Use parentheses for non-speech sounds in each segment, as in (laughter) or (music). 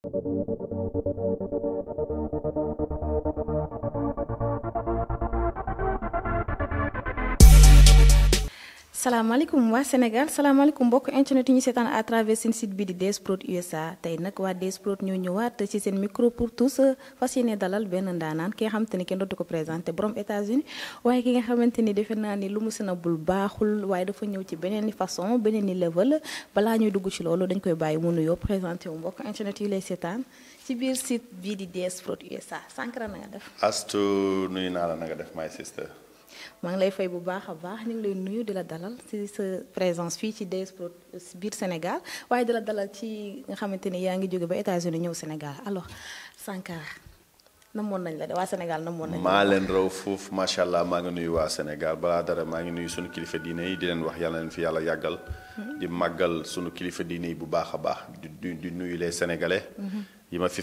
Thank you. salaamaaleykum waa Sénégal salaamaaleykum mbokk internet yi ñu seetaan à travers seen site bi di DS Prod USA tey nag waa DS Prod ñoo ñëwaat ci seen micro pour tous fas dalal benn ndaanaan ki nga xamante ni kenn dootu ko présenté borom États-Unis waaye ki nga xamante ni defe naa ni lu mu sinabul baaxul waaye dafa ñëw ci beneen ni façon beneen ni level balaa ñuy dugg ci loolu dañ koy bàyyi mu nuyoo présenté wu mbokk internet yi lay seetaan ci biir site bii di DS Prod USA Sankara def. Astou nuyu naa la na nga maa ngi lay fay bu baax a baax ñu ngi lay nuyu di la dalal si sa présence fii ci DS Prod biir Sénégal waaye di la dalal ci nga xamante ni yaa ngi jóge ba États-Unis ñëw Sénégal alors Sankara moon nañ la de waa Sénégal namoon nañ maa leen raw foofu macha allah maa ngi nuyu waa Sénégal balaa dara maa ngi nuyu suñu kilifa diine yi di leen wax yàlla leen fi yàlla yàggal. Mhm. di màggal suñu kilifa diine yi bu baax a baax di di nuyu les Sénégalais. Mhm. yi ma fi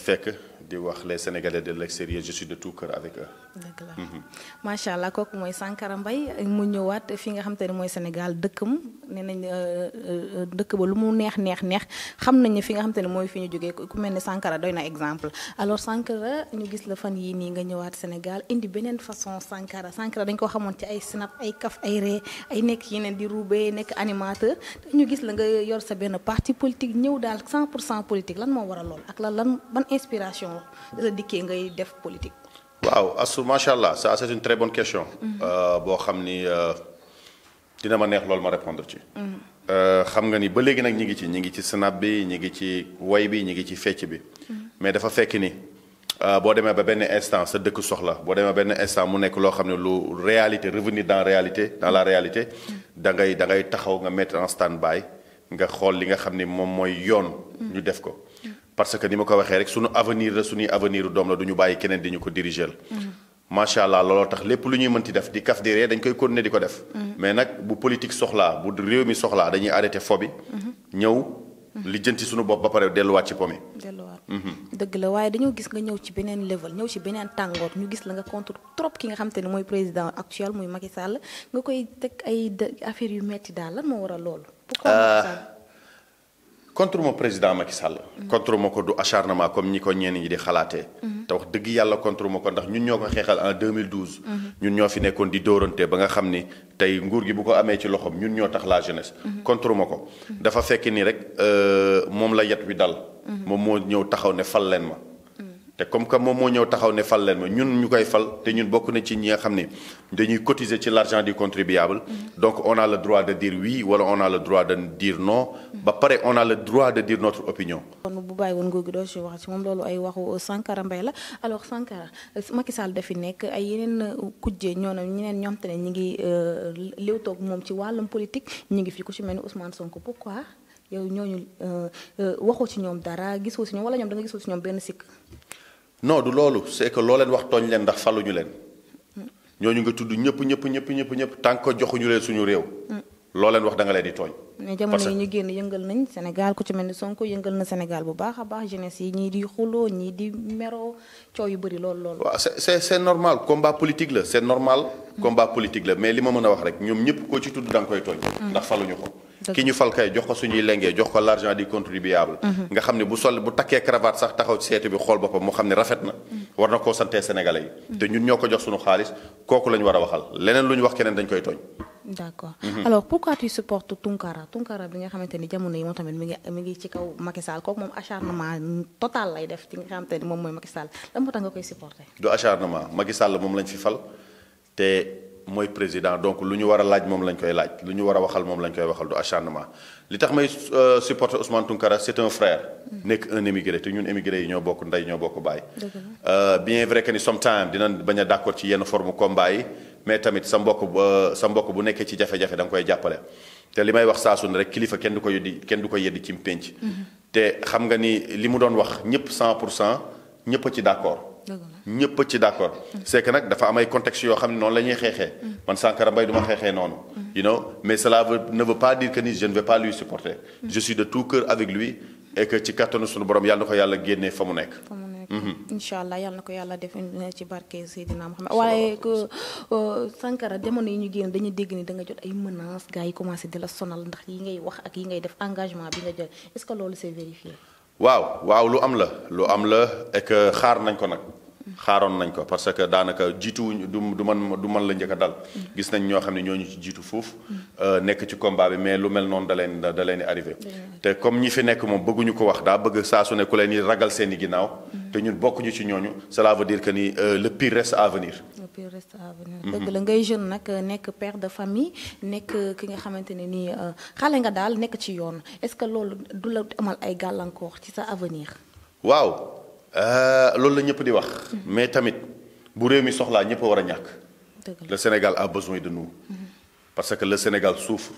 di wax les sénégalais de l'extérieur je suis de tout cœur avec eux. dëgg mhm. macha allah kooku mooy Sankara Mbaye mu ñëwaat fi nga xam te ne mooy Sénégal dëkk dëkkam nee nañ euh, euh, euh, dëkk ba lu mu neex neex neex xam nañ ne fi nga xam te ne mooy fi ñu jógee ku mel ne Sankara doy na exemple alors Sankara ñu gis la fan yii nii nga ñëwaat Sénégal indi beneen façon Sankara Sankara dañ ko xamoon ci ay snap ay kaf ay ree ay nekk yeneen di roubé nekk animateur ñu gis la nga yor sa benn parti politique ñëw daal 100 pour cent politique lan moo waral lool ak lan lan ban inspiration la dikkee ngay def politique. waaw asu macha allah ça c'est dina ma neex loolu ma répondre ci. Euh, xam nga ni ba léegi nag ñi ngi ci ñi ngi ci snap bi ñi ngi ci woy bi ñi ngi ci fecc bi. mais dafa fekk ni euh, boo demee ba benn instant sa dëkk soxla boo demee benn instant mu nekk loo xam ne lu réalité revenir dans réalité dans la réalité da ngay da ngay taxaw nga mettre en stand by nga xool li nga xam ni moom mooy yoon. ñu def ko. parce que ni ma ko waxee rek sunu avenir la suñuy avenir doom la du ñu bàyyi keneen di ñu ko diriger. macha allah looloo tax lépp lu ñuy mënti def di kaf di ree dañ koy continuer di ko def. Mm-hmm. mais nag bu politique soxlaa bu réew mi soxlaa dañuy arrêté fo bi. Mm-hmm. ñëw lijjanti suñu bopp ba pare delluwaat ci po mi. delluwaat mm-hmm. dëgg la waaye dañoo gis nga ñëw ci beneen level ñëw ci beneen tàngoor ñu gis la nga contre trop ki nga xam mooy président actuel muy Macky nga koy teg ay affaire yu metti daal moo waral loolu. Euh, contre ma président Macky contre ma ko du acharnement comme ñi ko ñenn te wax dëgg yàlla contre ma ko ndax ñun ñoo ko xeexal en 2012. ñun ñoo fi nekkoon di dóorante ba nga xam ni tey nguur gi bu ko amee ci loxoom ñun ñoo tax la jeunesse. contre ma ko dafa fekk ni rek euh, moom la yet wi dal. moom moo ñëw taxaw ne fal leen ma. te comme que moom moo ñëw taxaw ne fal leen ma ñun ñu koy fal te ñun bokk na ci ñi nga xam ne dañuy cotiser ci l'argent du contribuable mm-hmm. donc on a le droit de wala on a le de dire non mm-hmm. ba pare on a le droit de dire notre opinion kon bu bàyyi woon nguur gi doo si wax si moom ay waxu Sankara Mbaye la alors Sankara Macky Sall dafi nekk ay yeneen kujje ñoo ñeneen ñoom te ne ñi ngi euh, léew toog moom ci wàllum politique ñu ngi fii ku ci mel ni Ousmane Sonko pourquoi yow ñooñu euh, euh, waxoo ci ñoom dara gisoo ci ñoom wala ñoom da nga gisoo ci ñoom benn sikk non du loolu c'est que loo leen wax tooñ leen ndax faluñu leen mm. ñoo ñu ngi tudd ñëpp ñëpp ñëpp ñëpp ñëpp tànk ko joxuñu leen suñu réew mm. loo leen wax da nga leen di tooñ. mais jamono yi ñu génn yëngal nañ Sénégal ku ci mel ni Sonko yëngal na Sénégal bu baax a baax jeunesse yi ñii di xuloo ñii di meroo coow yu bëri lool lool. waaw c'est c'est normal combat politique la c'est normal. combat politique la mais li ma mën a wax rek ñoom ñëpp ko ci tudd da nga koy tooñ. Mm. ndax faluñu ko. ki ñu fal jox ko suñuy lengee jox ko l'argent du contribuable. Mm-hmm. nga xam ne bu sol bu takkee cravate sax taxaw ci seetu bi xool boppam mu xam ne rafet na. Mm. war na koo santee sénégalais yi. Mm. te ñun ñoo ko jox suñu xaalis kooku lañ war a waxal leneen lu ñu wax keneen dañ koy tooñ d' accord mhm. alors pourquoi tu Tunkara Tunkara bi nga xamante ni jamono yi moom tamit mi ngi mi ngi ci kaw Macky Sall kooku moom acharnement total lay def ci nga xamante ni moom mooy Macky Sall moom lañ fi te mooy président donc lu ñu war a laaj moom lañ koy laaj lu ñu war a waxal moom lañ koy waxal du acharnement li tax may euh, supporter Ousmane Tunkara c' est frère. Mhm. nekk un émigré te ñun émigré yi ñoo bokk ndey ñoo bokk baay. Euh, bien vrai que ni sometimes dinañ a d' accord ci yenn forme combat mais tamit sa mbokk sa mbokk bu nekkee ci jafe-jafe da koy jàppale te li may wax saasu ne rek kilifa kenn du ko yeddi kenn du ko yeddi ci pénc mm-hmm. te xam nga ni li mu doon wax ñëpp cent pour cent ñëpp a ci d'accord ñëpp ci d'accord mm-hmm. c'est nag dafa am ay contexte yoo xam ne noonu la ñuy xeexee mm-hmm. man Sankara bay duma xeexee noonu you know mais cela veut, ne veut pas dire que ni je ne pas lui supporter je suis de tout cœur avec lui et que ci kattanu suñu borom yàlla na ko yàlla génnee fa mu nekk Mm-hmm. incha allah yal na ko yàlla def ci barke Seydina Mohamed waaye Sankara jamono yi ñu génn dañuy dégg ni da nga jot ay menaces gars yi commencé di la sonal ndax yi ngay wax ak yi ngay def engagement bi nga jël est-ce que loolu c'est vérifié. waaw waaw lu am la lu am la et xaar nañ ko nag. xaaroon nañ ko parce que daanaka jiituwuñ du du man du man la njëkk a dal. gis nañ ñoo xam ne ñooñu ci jiitu foofu. Euh, nekk ci combat bi mais lu mel noonu da leen da leen di arrivé. te comme ñi fi nekk moom bëgguñu ko wax daa bëgg saa su ne ku leen di ragal seen i ginnaaw. Mm. te ñun bokkuñu ci ñooñu cela veut dire que ni euh, le pire reste à venir. le pire reste à mm-hmm. dëgg la ngay jeune nag euh, nekk père de famille nekk ki nga xamante ne nii xale nga daal nekk ci yoon est-ce que loolu du la amal ay gàllankoor ci sa avenir. waaw. Euh, loolu la ñëpp di wax. mais tamit bu réew mi soxlaa ñëpp war a ñàkk. le Sénégal a besoin de nous. parce que le Sénégal souffre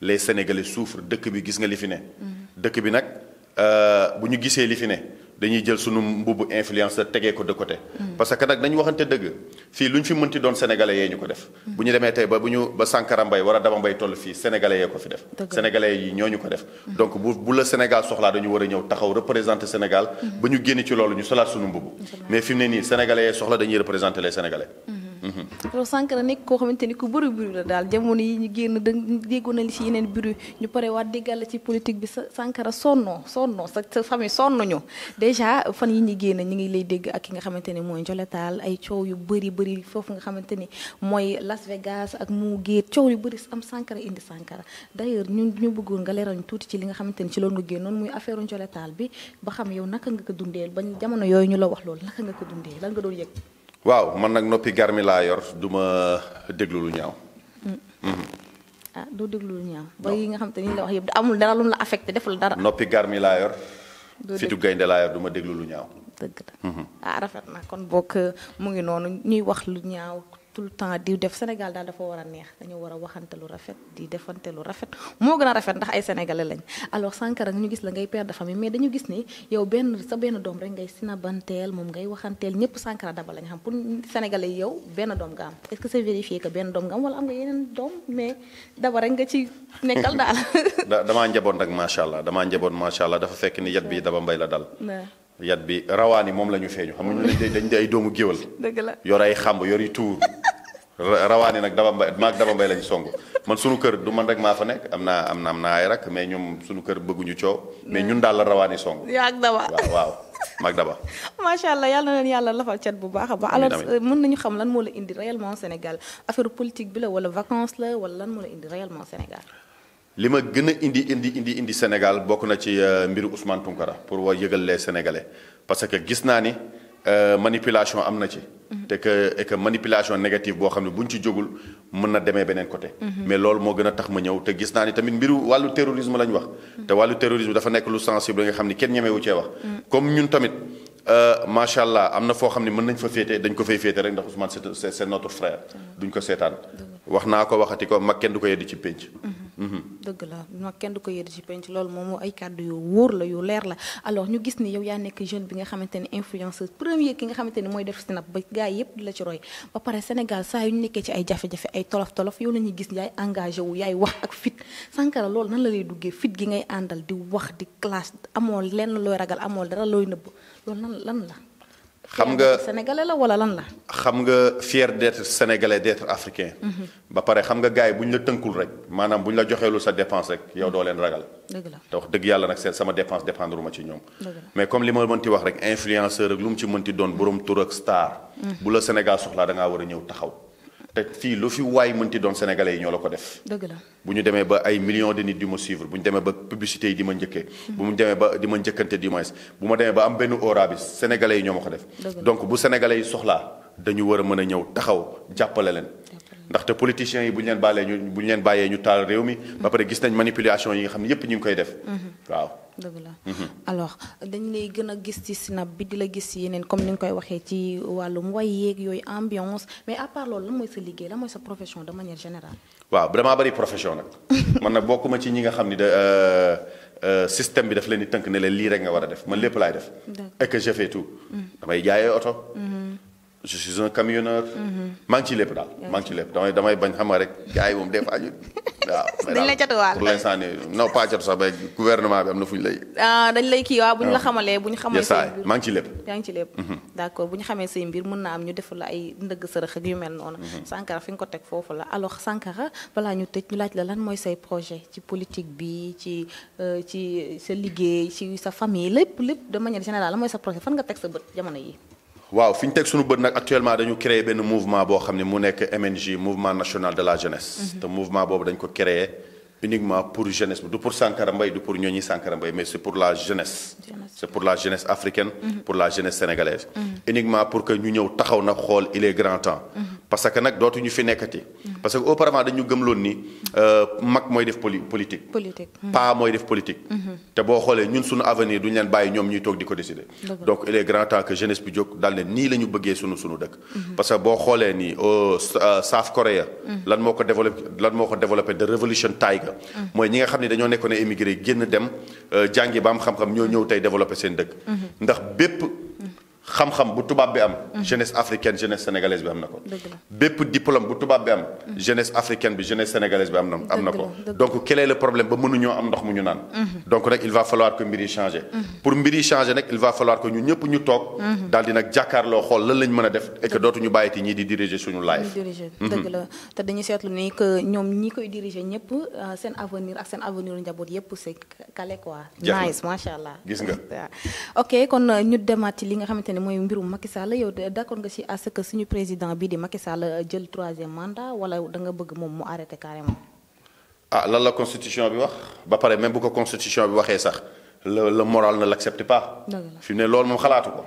les Sénégalais souffrent dëkk bi gis nga li fi ne. dëkk bi nag euh, bu ñu gisee li fi ne dañuy jël sunu mbubu influenceur tegee ko de côté. Mm. parce que nag dañu waxante dëgg. fii lu ñu fi mënti doon sénégalais yee ñu ko def bu ñu demee tey ba bu ñu ba Sankara Mbaye war a Daba Mbaye toll fii sénégalais yee ko fi def sénégalais yi ñoo ñu ko def donc bu bu la Sénégal soxlaa dañu war a ñëw taxaw représenter Sénégal mm-hmm. ba ñu génn ci loolu ñu solaat suñu mbubb mais fi mu ne nii sénégalais yee soxla dañuy représenter les sénégalais mm-hmm. Mm-hmm. loolu Sankara nekk koo xamante ni ku bëri bruit la daal jamono yi ñu génn da déggoon na li si yeneen bruit ñu pare waat déggal la ci politique bi Sankara sonnoo sonnoo sa sa famille sonn ñu déjà fan yi ñu génn ñu ngi lay dégg ak ki nga xamante ni mooy njoletaal ay coow yu bëri bëri foofu nga xamante ni mooy Las Vegas ak mu géet coow yu bëri am Sankara indi Sankara d'ailleurs ñun ñu bëggoon nga leeral ñu tuuti ci li nga xamante ni ci loolu nga génnoon muy affaire njoletaal bi ba xam yow naka nga ko dundee bañ jamono yooyu ñu la wax loolu naka nga ko dundee lan nga doon yëg waaw man nag noppi garmi laa yor du ma déglu lu ñaaw. Mm-hmm. Mm-hmm. ah doo déglu lu ñaaw. ba yi nga xam te ni la wax yëpp amul dara lu la affecté deful dara. noppi garmi laa yor. fitu gaynde laa yor du déglu lu ñaaw. dëgg la mm-hmm. ah rafet na kon bokk mu ngi noonu ñuy wax lu ñaaw. tout le temps di def Sénégal daal dafa war a neex dañu war a waxante lu rafet di defante lu rafet moo gën a rafet ndax ay sénégalais lañ alors Sankara ñu gis la ngay père de famille mais dañu gis ni yow benn sa benn doom rek ngay sinabanteel ñëpp Sankara Daba lañ xam pour sénégalais yow benn doom nga am est-ce que c'est vérifié que benn doom nga am wala am nga yeneen doom mais Daba rek nga ci nekkal daal. (laughs) damaa njaboot nag macha allah dafa fekk ni yat bi Daba Mbaye la dal. yat bi rawaani moom la ñu feeñu xam nga dañ day ay doomu géwal. dëgg ay xàmb yor i tuur rawaani nag daba mbay maag daba mbay lañ song man sunu kër du man rek maa fa nekk am na am na naa ay rak mais ñoom sunu kër bëgguñu coow mais ñun daal la rawaani song yaa ak daba waaw waaw maag daba macha allah yàlla na leen yàlla lafal cat bu baax a baax alors euh, mën nañu xam lan moo la indi réellement Sénégal affaire politique bi la wala vacances la wala lan moo la indi réellement Sénégal li ma gën a indi indi indi indi Sénégal bokk na ci euh, mbiru Ousmane Tounkara pour wa yëgal les parce que gis naa ni euh, manipulation am na ci te que et que manipulation négative boo xam ne bu ñu ci jógul mën na demee beneen côté. Mhm. mais loolu moo gën a tax ma ñëw te gis naa ni tamit mbiru wàllu terrorisme la ñu wax. Mhm. te wàllu terrorisme dafa nekk lu sensible nga xam ni kenn ñemewu cee wax. Mhm. comme ñun tamit euh, macha allah am na foo xam ne mën nañ fa féete dañ ko fay féete rek ndax Ousmane c'est c'est notre frère. duñ ko seetaan wax naa ko waxati ko mag kenn du ko yeddi ci pénc. Mm-hmm. dëgg la ma kenn du ko yéede ci penc loolu moom moo ay kàddu yu wóor la yu leer la alors ñu gis ni yow yaa nekk jeune bi nga xamante ni influenceuse premier ki nga xamante ne mooy def snap ba gars yi yëpp di la ci roy ba pare Sénégal saa yu ñu nekkee ci ay jafe-jafe ay tolof-tolof yow la ñuy gis yaay engagé wu yaay wax ak fit Sankara loolu nan la lay duggee fit gi ngay àndal di wax di classe amoon lenn looy ragal amoon dara looy nëbb loolu nan lan la xam nga sénégalais la wala lan la. xam nga fier d'être sénégalais d'être africain. Mhm. ba pare xam nga gars yi bu ñu la tënkul rek maanaam bu ñu la joxeelu sa dépense rek yow doo leen ragal. dëgg te wax dëgg yàlla nag seen sama dépense dépendre ma ci ñoom. mais comme li ma mënti wax rek influenceur ak lu mu ci mënti doon borom tur ak star. Mhm. bu la Sénégal soxla da war a ñëw taxaw. te fii lu fi waay mënti doon sénégalais yi ñoo la ko def. bu ñu demee ba ay millions de nit di ma suivre bu ñu demee ba publicité yi di ma njëkkee. bu mu demee ba di ma njëkkante du moins bu ma demee ba am benn aura bi sénégalais yi ñoo ma ko def. donc bu sénégalais yi soxlaa dañu war a mën a ñëw taxaw jàppale leen. ndaxte politiciens yi bu ñu leen bàllee ñu bu ñu leen bàyyee ñu taal réew mi. ba pare gis nañ manipulation yi nga xam ne yépp ñu ngi koy def. Mm-hmm. waaw. dëgg mm-hmm. lay gën a gis ci snap bi di la gis ci yeneen comme ni nga koy waxee ci wàllum way yeeg yooyu ambiance mais à part loolu lan mooy sa liggéey lan mooy sa profession de manière générale. waaw damaa bari profession nag. (laughs) man nag bokkuma ci ñi nga xam ni de euh, euh, système bi daf leen di tënk ne leen lii rek nga war a def man lépp laay je suis un camionneur. Mhm. maa ngi ci lépp daal maa ngi ci lépp damay damay bañ xam rek gars moom des fois ñu. (laughs) la catuwaal pour gouvernement bi am na fu ñu lay. Ah, dañ lay kii waaw bu ñu la ah. xamalee bu ñu xamalee. yasaay maa ngi ci lépp. yaa ngi ci lépp. Mhm. d'accord bu ñu xamee say mbir mën naa am ñu def la ay ndëgg sërëx ak mel noonu. Mhm. Sankara fi nga ko teg foofu la alors Sankara balaa ñu tëj ñu laaj la lan mooy say projet ci politique bi ci euh, ci sa liggéey ci sa famille lépp lépp de manière générale lan mooy sa projet fan nga teg sa bët jamono yi waaw fi ñu teg suñu bët nag actuellement dañu créer benn mouvement boo xam ne mu nekk MNJ mouvement national de la jeunesse. Mhm. te mouvement boobu dañ ko créer uniquement pour jeunesse bi du pour Sankara Mbaye du pour ñooñi Sankara Mbaye mais c'est pour la jeunesse. c'est pour la jeunesse africaine. Mhm. pour la jeunesse sénégalaise. Mhm. uniquement pour que ñu ñëw taxaw nag xool il est grand temps. parce que nag dootuñu fi nekkati. parce que auparavant dañu gëmloon ni euh, mag mooy def poli politique. politique mm-hmm. mooy def politique. Mm-hmm. te boo xoolee ñun suñu avenir duñu leen bàyyi ñoom ñuy toog di ko décider. donc il est grand temps que jeunesse bi jóg daal ne nii la ñu bëggee sunu sunu dëkk. Mm-hmm. parce boo xoolee ni euh, euh, South Korea. lan moo ko développé lan moo ko développé de Revolution Tiger. mooy ñi nga xam ne dañoo nekkoon émigré génn dem jàngi baam am xam-xam ñoo ñëw tey développé seen dëkk. ndax bépp. xam-xam bu tubaab bi am. Mm-hmm. jeunesse africaine jeunesse sénégalaise bi am na ko. bépp diplôme bu tubaab bi am. Mm-hmm. jeunesse africaine bi jeunesse sénégalaise bi am na ko. donc quel le problème ba mënuñoo am ndox mu ñu naan. Mm-hmm. donc nag il va falloir que mbir yi pour mbir yi changé il va falloir que ñu ñëpp ñu toog. daal di nag jàkkaarloo xool lan lañ mën a def et que dootuñu bàyyiti ñii di diriger suñu life. dëgg la te dañuy seetlu ni que ñoom ñi koy (laughs) mooy mbirum Macky Sall yow d'accord nga ci à ce que suñu président bi di Macky Sall jël troisième mandat wala da nga bëgg moom mu arrêté carrément. ah lan la constitution bi wax ba pare même bu ko constitution bi waxee sax la le moral ne l'accepte pas. fi ne loolu moom xalaatu ko.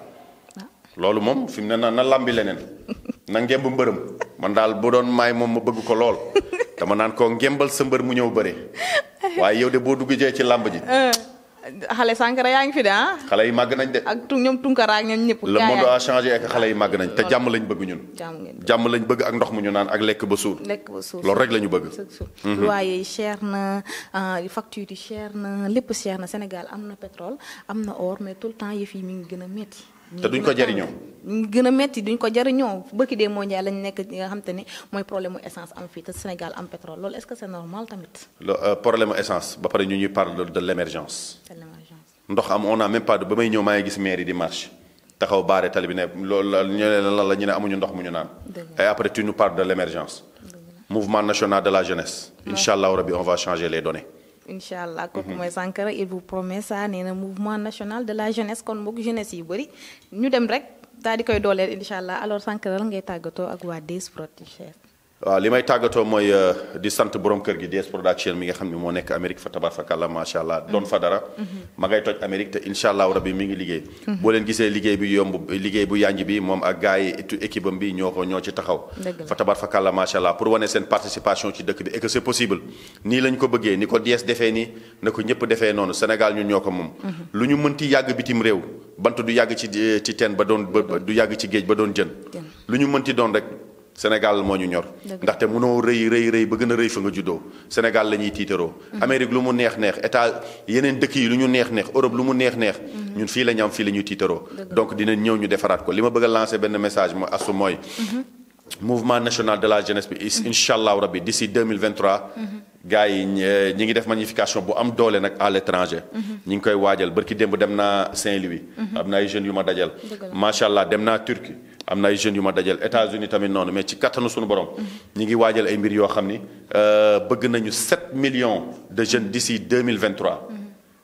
Ah. loolu moom fi mu ne na na lambi leneen (laughs) na ngemb mbërëm man daal bu doon may moom ma bëgg ko lool (laughs) dama naan koo ngembal sa mbër mu ñëw bëre (laughs) waaye yow de boo duggee ci làmb xale Sankara yaa ngi fi de ah. xale yi màgg nañ de. ak tu ñoom Tunkara ak ñoom ñëpp. le monde a changé ak xale yi màgg nañ te jàmm lañ bëgg ñun. jàmm lañ bëgg ak ndox mu ñu naan ak lekk ba suur. lekk ba suur loolu rek la ñu bëgg. Mhm. loyer yi cher na euh, facture yi cher na lépp cher na Sénégal am na pétrole am na or mais tout le temps yi yi mi ngi gën a métti. te duñ ko jariñoo ñu gën a metti duñ ko jariñoo bëkki dee moo njaay lañ nekk nga xam te ne mooy problème mu essence am fii te Sénégal am pétrole loolu est-ce que c'est normal euh, de l'émergence ndox am on n'a même pas de ba may ñëw maa ngi gis maire yi di marche taxaw baare tali bi ne loolu la ñu ne la ñu ne amuñu ndox mu ñu naan. et après tu nous parles de l' émergence. mouvement national de la jeunesse. incha allah rabi on va changer les données. incha allah mhm. kooku mooy Sankara il vous promet ça nee na mouvement national de la jeunesse kon boog jeunesse yu bëri ñu dem rek daal di koy dooleel incha allah alors Sankara la ngay tàggatoo ak waa DS Prod waaw li may tàggatoo mooy euh, di sant borom kër gi DS production mi nga xam ne moo nekk Amérique fa tabaarakallah macha allah doon fa dara. Mm-hmm. ma ngay toj Amérique te incha allah rabi mi ngi liggéey. Mm-hmm. boo leen gisee liggéey bi yomb liggéey bu yanj bi moom ak gars yi équipe am bi ñoo ko ñoo ci taxaw. fa tabaarakallah macha allah pour wane seen participation ci dëkk bi et que c'est possible. nii lañ ko bëggee ni ko DS defee nii ne ko ñëpp defee noonu Sénégal ñun ñoo ko moom. Mm-hmm. lu ñu mënti yàgg bitim réew bant du yàgg ci ci teen ba doon ba du yàgg ci géej ba doon jën. lu ñu mënti doon rek. Sénégal moo ñu ñor. ndaxte mënoo rëy rëy rëy ba gën a rëy fa nga juddoo Sénégal la ñuy tiitaroo. Mhm. Amérique lu mu neex neex état yeneen dëkk yi lu ñu neex neex Europe lu mu neex neex. Mhm. ñun fii la ñu am fii la ñuy tiitaroo. donc dinañ ñëw ñu defaraat ko li ma bëgg a lancer benn message mooy asu mooy. Mhm. mouvement national de la jeunesse bi. incha allah rabbi d'ici 2023. gars yi ñi ngi def magnification bu am doole nag à l'étranger. ñi ngi koy waajal barki démb dem naa Saint-Louis. am na ay jeunes yu ma dajal. macha dem naa Turquie. am na ay jeunes yu ma dajal États-Unis tamit noonu mais ci kattanu suñu borom. ñi ngi waajal ay mbir yoo xam ni euh, bëgg nañu 7 de jeunes d'ici 2023.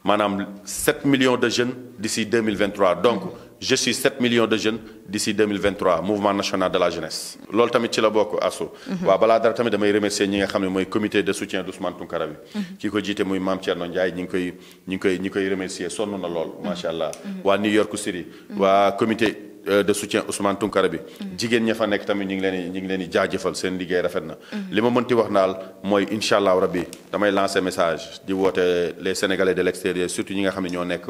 maanaam 7 millions de jeunes d'ici 2023 donc je suis 7 millions de jeunes d'ici 2023 mouvement national de la jeunesse. loolu tamit ci la bokk ASSO. Mhm. waaw balaa dara tamit damay remercier ñi nga xam ne mooy comité de soutien d'Ousmane Tounkara bi. Mhm. ki ko jiite muy maam Thierno Ndiaye ñi ngi koy ñi ngi koy ñi koy remercier sonn na lool. Mhm. macha allah waa New York City. waa comité. Euh, de soutien Ousmane Tounkara bi. jigéen ña fa nekk tamit ñu ngi leen di ñu ngi leen di jaajëfal seen liggéey rafet na. li ma mënti wax naal mooy incha allah bi damay lancer message di woote les sénégalais de l' surtout ñi nga xam ne ñoo nekk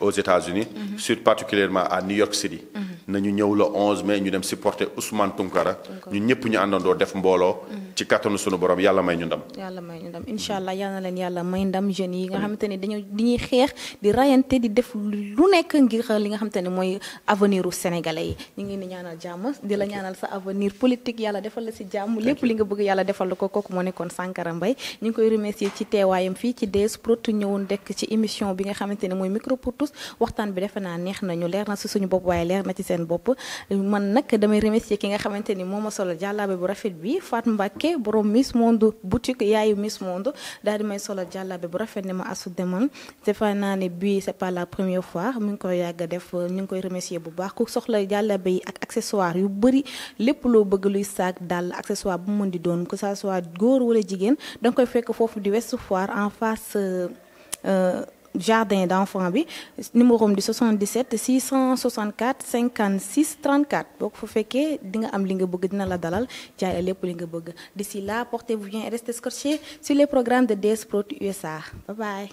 aux États-Unis mhm. surtout particulièrement à New York City mhm. nañu ñëw le 11 ñu dem supporter Ousmane Tunkara ñu ñëpp ñu àndandoo def mbooloo mhm. ci kattanu sunu borom yàlla may ñu ndam yàlla may ñu ndam incha allah yal na leen yàlla yi nga xamante ne dañoo diñuy xeex di di def lu nekk ngir li nga xamante ne mooy avenir u sénégalais yi ñu ngi ni ñaanal jàmm di la ñaanal sa avenir politique yàlla defal la si jàmm lépp li nga bëgg yàlla defal la ko kooku moo nekkoon Sankara Mbaye ñu ngi koy remercier ci teewaayam fii ci DS Prod ñëwoon dekk ci émission bi nga xamante ne mooy micro news waxtaan bi defe naa neex nañu leer na si suñu bopp waaye leer na ci seen bopp man nag damay remercier ki nga xamante ni moo ma solo jàllaabe bu rafet bi Fat Mbacke borom Miss Monde boutique yaayu Miss Monde daal di may solo jàllaabe bu rafet ne ma asu deman defe naa ne bii c'est pas la première fois mu ngi koy yàgg def ñu ngi koy remercier bu baax ku soxla jàllaabe yi ak accessoire yu bëri lépp loo bëgg luy saag dàll accessoire bu mën di doon que ça soit góor wala jigéen danga koy foofu di Ouest en face euh, euh, jardin d'enfant bi numéro am di 77 664 56 34 boo ko fa fekkee di nga am li nga bëgg dina la dalal jaay la lépp li nga bëgg d'ici là portez-vous bien et restez scotchés sur les programmes de DS Prod USA bye